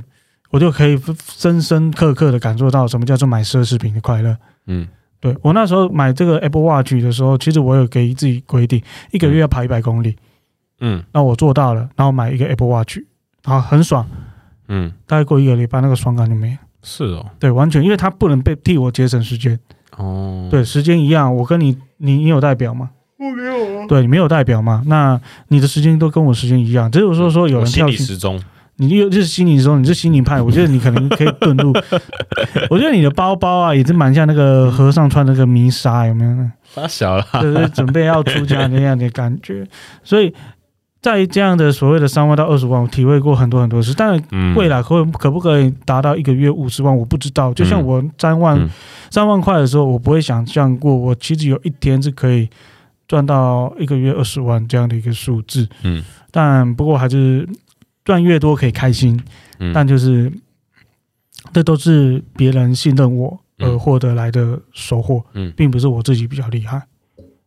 我就可以深深刻刻的感受到什麼叫做買奢侈品的快樂。嗯，對，我那時候買這個 Apple Watch 的時候，其實我有給自己規定一個月要跑一百公里。嗯，那我做到了，然後買一個 Apple Watch。好，很爽，嗯，大概過一個禮拜，那個爽感就沒了。是哦，對，完全，因為他不能被替我節省時間。哦，對，時間一樣，我跟你，你你有代表嗎？我沒有啊。對，你沒有代表嗎？那你的時間都跟我時間一樣，只有說說有人要。我心理時鐘。你又就是心理時鐘，你是心理派，我覺得你可能可以遁入。 我覺得你的包包啊，也是蠻像那個和尚穿那個迷紗，有沒有？髮小了，就是準備要出家那樣的感覺， 所以。在這樣的所謂的三萬到二十萬，我體會過很多很多事，但未來可可不可以達到一個月五十萬，我不知道。就像我三萬三萬塊的時候，我不會想象過我其實有一天是可以賺到一個月二十萬這樣的一個數字。嗯，但不過還是賺越多可以開心，但就是這都是別人信任我而獲得來的收穫，並不是我自己比較厲害。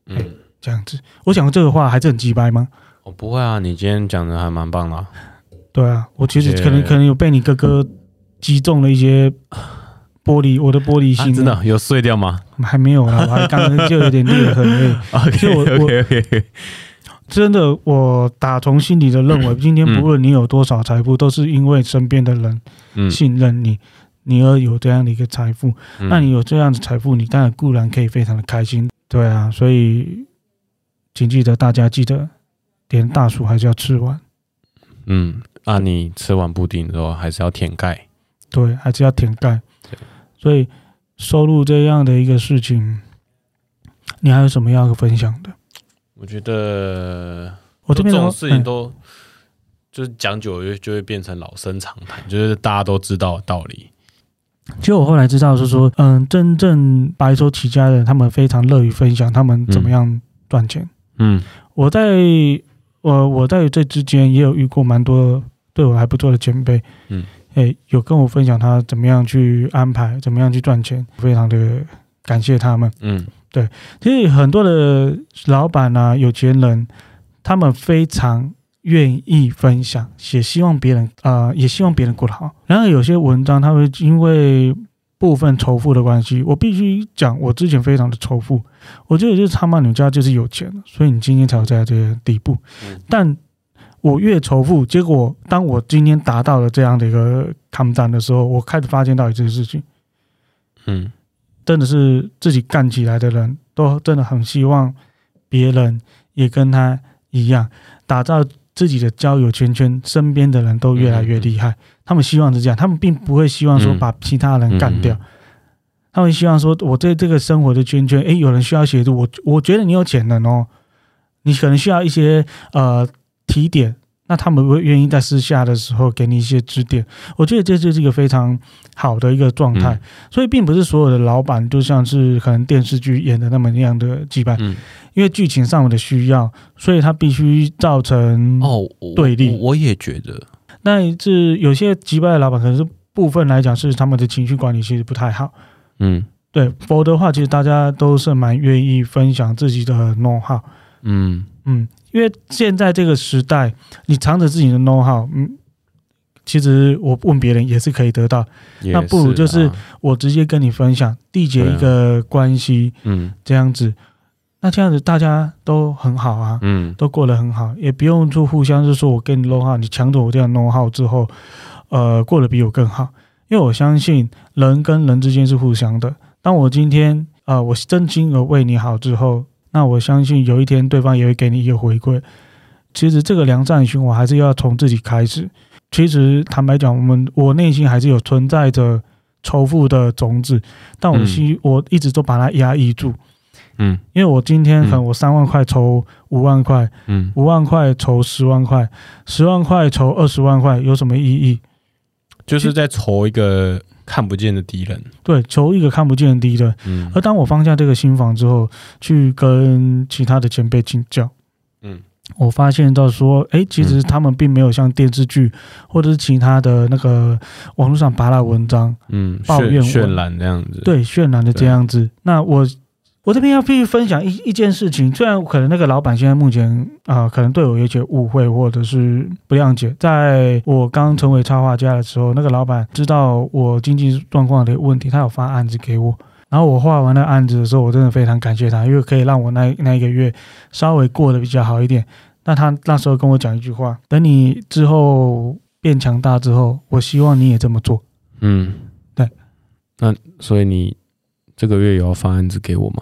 嗯，這樣子，我講這個話還是很直白嗎？我不會啊，你今天講的還蠻棒的、啊。對啊，我其實可能 okay, 可能有被你哥哥擊中了一些玻璃， 我的玻璃心、啊、真的有碎掉嗎？還沒有啦，我還剛剛就有點裂痕了。啊、 okay, okay, okay，給我真的，我打從心底的認為、嗯，今天不論你有多少財富、嗯，都是因為身邊的人信任你，嗯、你要有這樣的一個財富、嗯。那你有這樣的財富，你當然固然可以非常的開心。對啊，所以請記得，大家記得。連大薯還是要吃完，嗯，啊，你吃完布丁之後，還是要舔蓋，對，還是要舔蓋，所以收入這樣的一個事情，你還有什麼要分享的？我覺得我這邊這種事情都就是講久，就久了就會變成老生常談，就是大家都知道的道理。其實我後來知道是說，嗯，真正白手起家的人，他們非常樂於分享他們怎麼樣賺錢嗯。嗯，我在。我我在這之間也有遇過蠻多對我還不錯的前輩，嗯，誒、欸，有跟我分享他怎麼樣去安排，怎麼樣去賺錢，非常的感謝他們，嗯，對，其實很多的老闆啊，有錢人，他們非常願意分享，也希望別人啊、呃，也希望別人過得好。然後有些文章，他會因為。部分仇富的關係，我必須講，我之前非常的仇富，我覺得就是他媽，你家就是有錢，所以你今天才有在這個地步。但我越仇富，結果當我今天達到了這樣的一個抗戰的時候，我開始發現到一件事情，嗯，真的是自己幹起來的人都真的很希望別人也跟他一樣打造，自己的交友圈圈，身邊的人都越來越厲害。嗯嗯嗯，他們希望是這樣，他們並不會希望說把其他人幹掉。嗯嗯嗯嗯，他們希望說，我在這個生活的圈圈，誒、欸，有人需要協助，我我覺得你有潛能哦，你可能需要一些呃提點。那他們會願意在私下的時候給你一些指點，我覺得這就是一個非常好的一個狀態。所以，並不是所有的老板就像是可能電視劇演的那麼那樣的機掰，因為劇情上面的需要，所以他必須造成對立。哦我我。我也覺得，但是有些機掰的老板，可能是部分來講是他們的情緒管理其實不太好。嗯，對，否則的話，其實大家都是蠻願意分享自己的 know-how。嗯嗯。因為現在這個時代，你藏着自己的 know how，嗯，其實我問別人也是可以得到，啊、那不如就是我直接跟你分享，締結一個關係，嗯，這樣子，嗯、那這樣子大家都很好啊，嗯，都過得很好，也不用說互相是說我給你 know how，你搶走我這樣 know how 之後，呃，過得比我更好，因為我相信人跟人之間是互相的。當我今天啊、呃，我真心的為你好之後。那我相信有一天對方也會給你一個回饋。其實這個良性循環還是要從自己開始。其實坦白講，我們我內心還是有存在着仇富的種子，但我心我一直都把它壓抑住。嗯，因為我今天可能我三萬塊仇五萬塊，嗯，五萬塊仇十萬塊，十萬塊仇二十萬塊，有什麼意義？就是在仇一個看不見的敵人，對，仇一個看不見的敵人。嗯、而當我放下這個心防之後，去跟其他的前輩請教，嗯，我發現到說，哎、欸，其實他們並沒有像電視劇或者是其他的那個網絡上扒拉文章，嗯，抱怨渲染這樣子、嗯怨，對，渲染的這樣子。那我。我這邊要必須分享一一件事情，雖然可能那個老闆現在目前啊、呃，可能對我有些誤會或者是不諒解。在我剛成為插畫家的時候，那個老闆知道我經濟狀況的問題，他有發案子給我，然後我畫完那案子的時候，我真的非常感謝他，因為可以讓我那那一個月稍微過得比較好一點。但他那時候跟我講一句話：等你之後變強大之後，我希望你也這麼做。嗯，對。那所以你。這個月有要發案子給我嗎？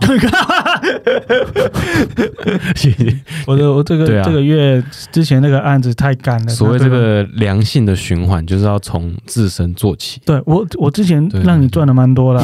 謝謝。我的我這個我、這個啊、這個月之前那個案子太幹了。所謂這個良性的循環，就是要從自身做起。對，我，我之前讓你賺了蠻多啦，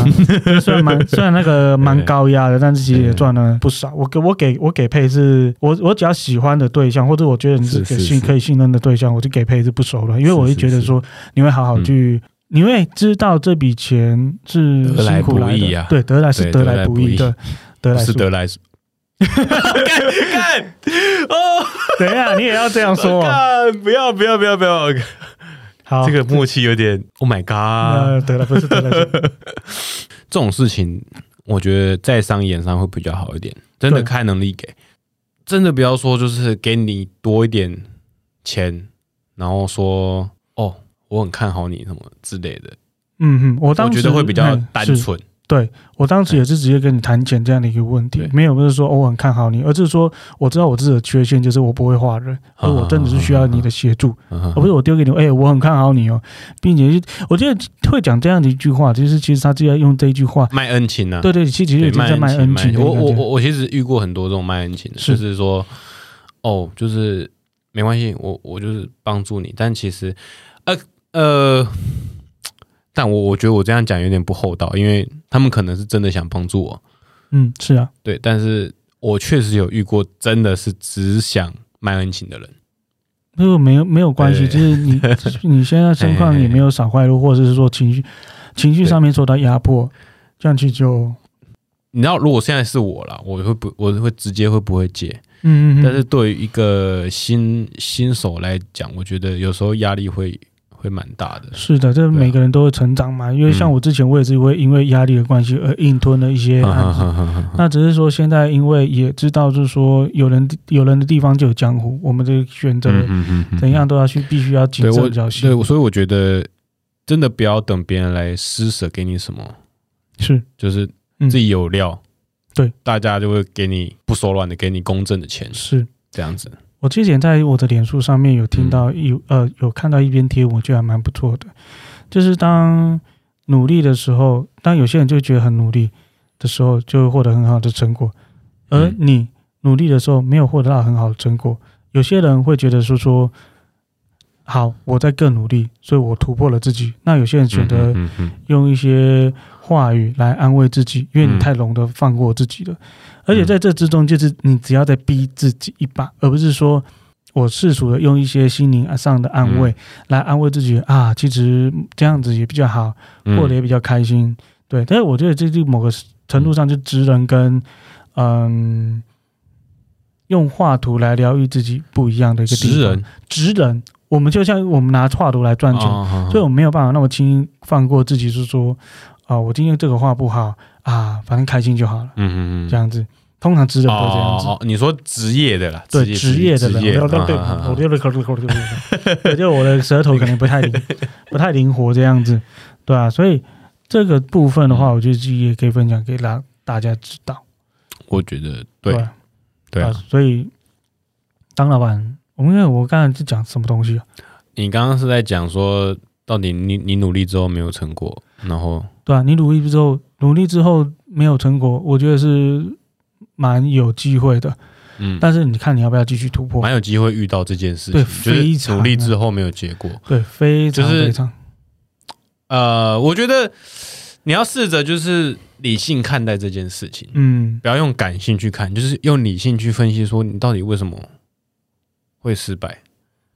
雖然蠻雖然那個蠻高壓的， 但是其實也賺了不少。我給，我給，我給配是我我只要喜歡的對象，或者我覺得你是信可以信任的對象，是是是我就給配是不熟了，因為我就覺得說你會好好去是是是。嗯。你會知道這筆錢是來得來不易啊！對，得來是得來不易的，得來不易不是得來。幹 幹 哦！等一下，你也要這樣說幹、哦啊、不要不要不要不要！好，這個默契有點。Oh my god！得來不是得來 這種事情，我覺得在商言商會比較好一點。真的看能力給，真的不要說就是給你多一點錢，然後說。我很看好你什麼之類的，嗯哼，我當時我覺得會比較單純，嗯。對，我當時也是直接跟你談錢這樣的一個問題，嗯、沒有，不是說我很看好你，而是說我知道我自己的缺陷就是我不會畫人，而、嗯、我真的是需要你的協助，嗯，而不是我丟給你。哎、欸，我很看好你哦，並且我覺得會講這樣的一句話，其、就、實、是、其實他就要用這一句話賣恩情呢、啊。對，對對，其實其實已經在賣恩情。恩情我我我我其實遇過很多這種賣恩情的，是就是說哦，就是沒關係，我我就是幫助你，但其實呃。呃，但我我覺得我這樣講有點不厚道，因為他們可能是真的想幫助我。嗯，是啊，對。但是我確實有遇過真的是只想賣恩情的人。那沒有沒有關係，哎、就是你 你現在情況也沒有少壞路，或者是說情緒情緒上面受到壓迫，這樣去就。你知道，如果現在是我了，我會不我會直接會不會接？嗯嗯。但是對於一個新新手來講，我覺得有時候壓力會。會蠻大的，是的，這每個人都會成長嘛。嗯、因為像我之前，我也是會因為壓力的關係而硬吞了一些、嗯嗯嗯嗯嗯嗯、那只是說，現在因為也知道，就是說有人有人的地方就有江湖，我們這個選擇、嗯嗯嗯嗯嗯、怎樣都要去，必須要謹慎小心。對，所以我覺得真的不要等別人來施舍給你什麼，是就是自己有料，對、嗯、大家就會給你不手軟的，給你公正的錢，是這樣子。我之前在我的臉書上面有聽到、嗯、有呃有看到一篇貼文，我覺得還蠻不錯的，就是當努力的時候，當有些人就覺得很努力的時候，就獲得很好的成果，而你努力的時候沒有獲得到很好的成果，嗯、有些人會覺得是說，好，我再更努力，所以我突破了自己。那有些人選擇用一些話語來安慰自己，因為你太容易放過自己了。而且在這之中，就是你只要再逼自己一把，而不是說，我世俗的用一些心靈上的安慰來安慰自己啊，其實這樣子也比較好，過得也比較開心、嗯，對。但是我覺得這就某個程度上，就職人跟，嗯，用畫圖來療癒自己不一樣的一個地方，職人，我們就像我們拿畫圖來賺錢，所以我沒有辦法那麼輕易放過自己，是說啊，我今天這個畫不好。啊，反正開心就好了。嗯嗯嗯，這樣子，通常職的不會這樣子。哦、你說職業的啦，對職業，業的職業，業對，啊對啊對啊啊，對，我不得對，我的舌頭可能不太靈， 不太靈活這樣子，對啊，所以這個部分的話，我覺得自己也可以分享，可以讓大家知道。我覺得對對，啊對，啊對，啊對，啊對啊，所以當老闆，因為我們我剛才是講什麼東西？啊？你剛剛是在講說，到底你你努力之後沒有成果，然後對啊，你努力之後。努力之後沒有成果，我覺得是蠻有機會的，嗯。但是你看你要不要繼續突破？蠻有機會遇到這件事情。對，非常努力之後沒有結果，對，非常就是非常。呃，我覺得你要試着就是理性看待這件事情，嗯，不要用感性去看，就是用理性去分析，說你到底為什麼會失敗，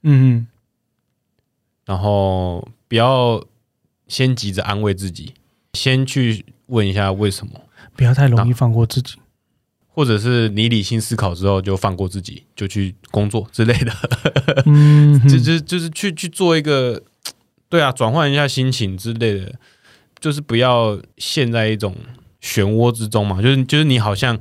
嗯哼。然後不要先急着安慰自己，先去。問一下為什麼？不要太容易放過自己，或者是你理性思考之後就放過自己，就去工作之類的， 嗯，嗯，就、就是、就是去去做一個，對啊，轉換一下心情之類的，就是不要陷在一種漩渦之中嘛，就是就是你好像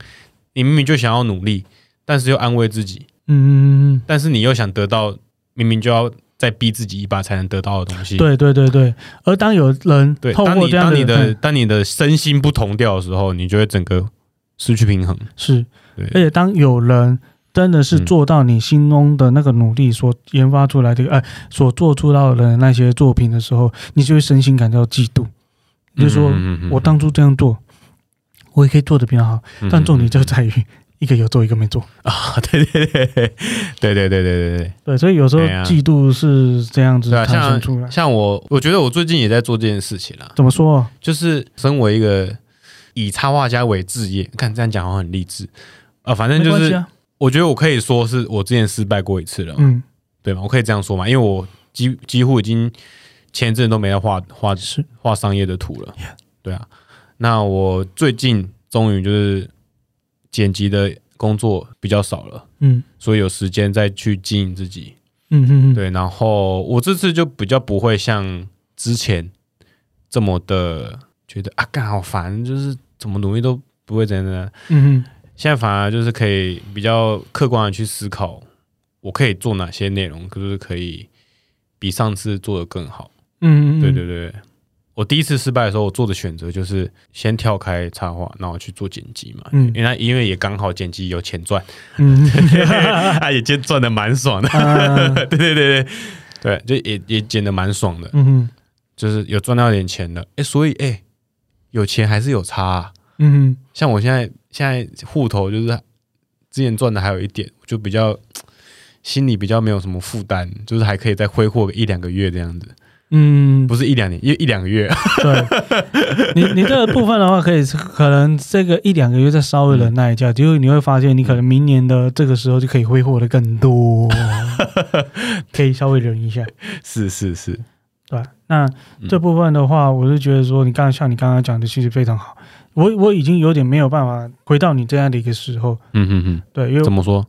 你明明就想要努力，但是又安慰自己，嗯，但是你又想得到，明明就要。再逼自己一把才能得到的東西。對對對對，而當有人，透過這樣人對當你當你的、嗯、當你的身心不同調的時候，你就會整個失去平衡。是，而且當有人真的是做到你心中的那個努力所研發出來的，哎、嗯呃，所做出到的、的那些作品的時候，你就會身心感到嫉妒。就是、說，嗯嗯嗯嗯我當初這樣做，我也可以做的比較好，但重點就在於。 一個有做，一個沒做啊、哦！對對對，對對對對對對對，對對，所以有時候嫉妒、啊、是這樣子產生出來，像像我，我覺得我最近也在做這件事情了、嗯。怎麼說、啊、就是身為一個以插畫家為職業，看這樣講話很勵志啊、呃！反正就是，我覺得我可以說是我之前失敗過一次了，嗯，對嗎？我可以這樣說嘛？因為我幾幾乎已經前一陣都沒在畫畫、畫商業的圖了，yeah. 對啊。那我最近終於就是。剪輯的工作比較少了，嗯，所以有時間再去經營自己，嗯嗯對。然後我這次就比較不會像之前這麼的覺得啊，幹好煩，就是怎麼努力都不會怎樣怎樣。嗯，現在反而就是可以比較客觀的去思考，我可以做哪些內容，是不是可以比上次做得更好？嗯嗯嗯，對對對。我第一次失敗的時候，我做的選擇就是先跳開插畫，然後去做剪輯嘛。嗯，因為他因為也剛好剪輯有錢賺，嗯 也剪賺的蠻爽的、啊。對 對對對對，對就也也剪的蠻爽的。嗯，就是有賺到點錢的。哎、欸，所以哎、欸，有錢還是有差、啊。嗯，像我現在現在戶頭就是之前賺的還有一點，就比較心裡比較沒有什麼負擔，就是還可以再揮霍個一兩個月這樣子。嗯，不是一兩年，又一一兩個月、啊。對，你你這個部分的話，可以可能這個一兩個月再稍微忍耐一下，嗯、就是你會發現，你可能明年的這個時候就可以揮霍的更多，嗯、可以稍微忍一下。是是是，對。那這部分的話，我是覺得說你剛剛，你、嗯、剛像你剛剛講的，其實非常好。我我已經有點沒有辦法回到你這樣的一個時候。嗯嗯嗯。對，因為怎麼說？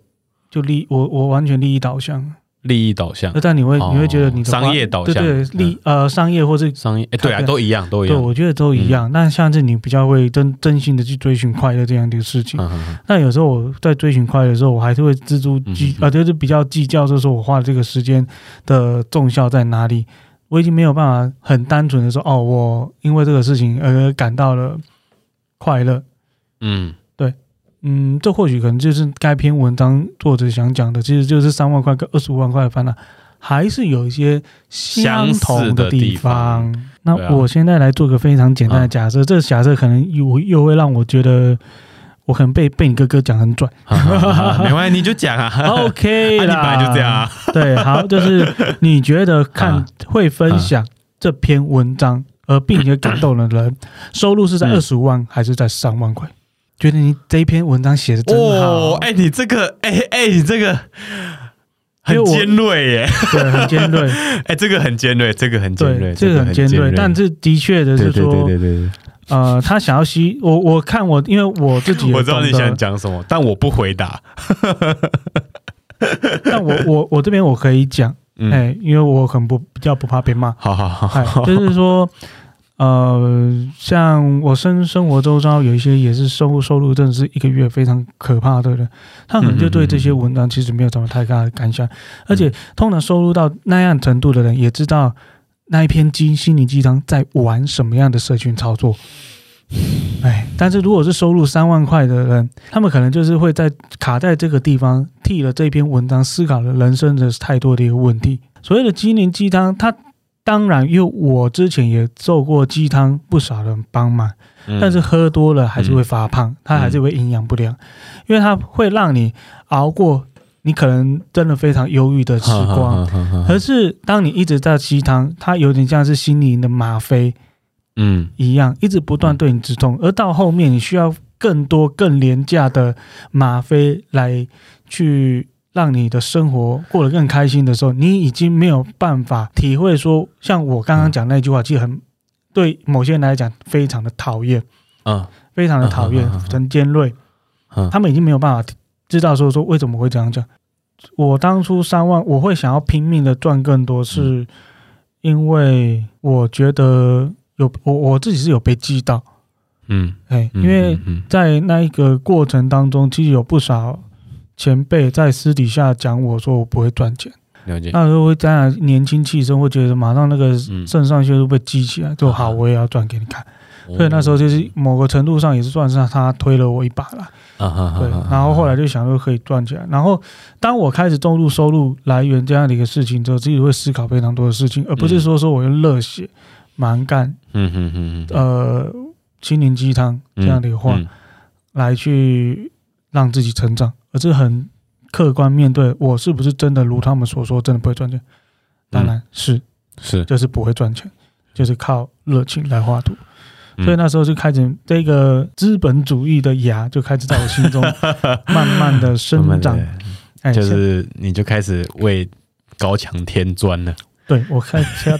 就利，我我完全利益導向。利益導向，但你會、哦，你會覺得你的商業導向對對，對利、嗯、呃，商業或者商業、欸、對啊，都一樣都一樣，對，都一樣對，都一樣對，我覺得都一樣。那、嗯、像是你比較會真、真心的去追尋快樂這樣的事情，那、嗯嗯、有時候我在追尋快樂的時候，我還是會錙銖，計、嗯、啊、嗯、呃，就是比較計較，就是說，我花這個時間的重效在哪裡。我已經沒有辦法很單純的說哦，我因為這個事情而感到了快樂，嗯。嗯，這或許可能就是該篇文章作者想講的，其實就是三萬塊跟二十五萬塊的煩惱，還是有一些相同的地、相似的地方。那我現在來做個非常簡單的假設，啊、這個假設可能又又會讓我覺得，我可能被被你哥哥講很拽。 沒關係，你就講啊，OK 啦， 啊、你本來就這樣、啊。 對，好，就是你覺得看 會分享這篇文章而並且感動的人，咳咳收入是在二十五萬、嗯、還是在三萬塊？覺得你這一篇文章寫的真好。哦，哎、欸，你這個，哎、欸、哎，欸、你這個很尖銳耶，對，很尖銳，哎，這個很尖銳，這個很尖銳，這個很尖銳，但是的確的是說，對對對對，對，呃，他想要吸我，我看我，因為我自己，我知道你想講什麼，但我不回答 ，但我我我這邊我可以講，哎、嗯，因為我很不比較不怕被罵，好好好，哎，就是說。呃，像我生生活周遭有一些也是收入收入真的是一個月非常可怕的人，他可能就對這些文章其實沒有什麼太大的感想，而且通常收入到那樣程度的人也知道那一篇雞心靈雞湯在玩什麼樣的社群操作。哎，但是如果是收入三萬塊的人，他們可能就是會在卡在這個地方，替了這篇文章思考了人生的太多的一個問題。所謂的心靈雞湯，它。當然，因為我之前也做過雞湯，不少人幫忙，嗯，但是喝多了還是會發胖，嗯，它還是會營養不良，嗯，因為它會讓你熬過你可能真的非常憂鬱的時光，好好好好好。可是當你一直在雞湯，它有點像是心靈的嗎啡，嗯，一樣一直不斷對你止痛，而到後面你需要更多更廉價的嗎啡來去。讓你的生活過得更開心的時候，你已經沒有辦法體會說，像我剛剛講那句話，其實很對某些人來講非常的討厭，啊，非常的討厭，很尖銳。他們已經沒有辦法知道說說為什麼會這樣講。我當初三萬，我會想要拼命的賺更多，是因為我覺得有我我自己是有被激到，嗯，哎，因為在那一個過程當中，其實有不少，前輩在私底下講我說我不會賺錢，那時候會當然年輕氣盛，會覺得馬上那個腎上腺素被激起來，就好，我也要賺給你看。所以那時候就是某個程度上也是算上他推了我一把了。對，然後後來就想說可以賺起來。然後當我開始重入收入來源這樣的一個事情之後，自己會思考非常多的事情，而不是說說我用熱血蠻幹，嗯嗯嗯、呃、心靈雞湯這樣的一個話來去讓自己成長。而是很客觀面對，我是不是真的如他們所說，真的不會賺錢，嗯？當然是，是，就是不會賺錢，就是靠熱情來畫圖，嗯。所以那時候就開始，這個資本主義的芽就開始在我心中慢慢的生長 ，哎。就是你就開始為高牆添磚了。對，我看下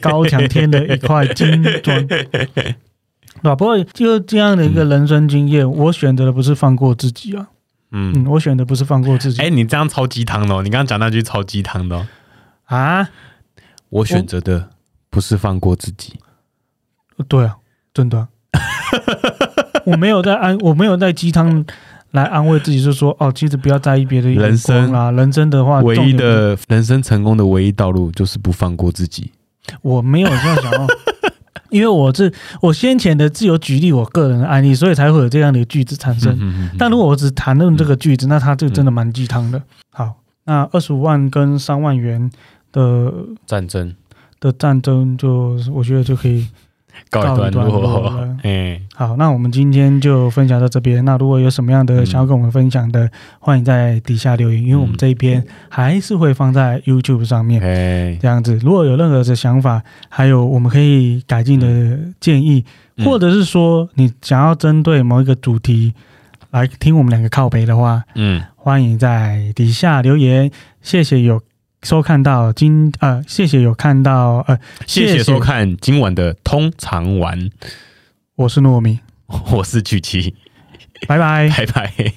高牆添了一塊金磚。不過就這樣的一個人生經驗，嗯，我選擇的不是放過自己啊。嗯，嗯，我選的不是放過自己。哎、欸，你這樣炒雞湯哦！你剛剛講那句炒雞湯的、哦、啊？我選擇的不是放過自己。對啊，真的、啊。 我沒有在安，我沒有在雞湯來安慰自己，是說哦，其實不要在意別的人生啦。人生的話，唯一的人生成功的唯一道路就是不放過自己。我沒有這樣想。 因為我是我先前的自有舉例，我個人的案例，所以才會有這樣的句子產生。但如果我只談論這個句子，嗯嗯，那它就真的蠻雞湯的。好，那二十五萬跟三萬元的戰爭的戰爭，就我覺得就可以，告一段落、嗯。好，那我們今天就分享到這邊。那如果有什麼樣的想要跟我們分享的，嗯、歡迎在底下留言，因為我們這一邊還是會放在 YouTube 上面、嗯。這樣子，如果有任何的想法，還有我們可以改進的建議、嗯，或者是說你想要針對某一個主題來聽我們兩個靠北的話，嗯，歡迎在底下留言。謝謝有收看到今呃，謝謝有看到，呃謝謝，謝謝收看今晚的通腸丸。我是諾米，我是曲奇，拜拜，拜拜。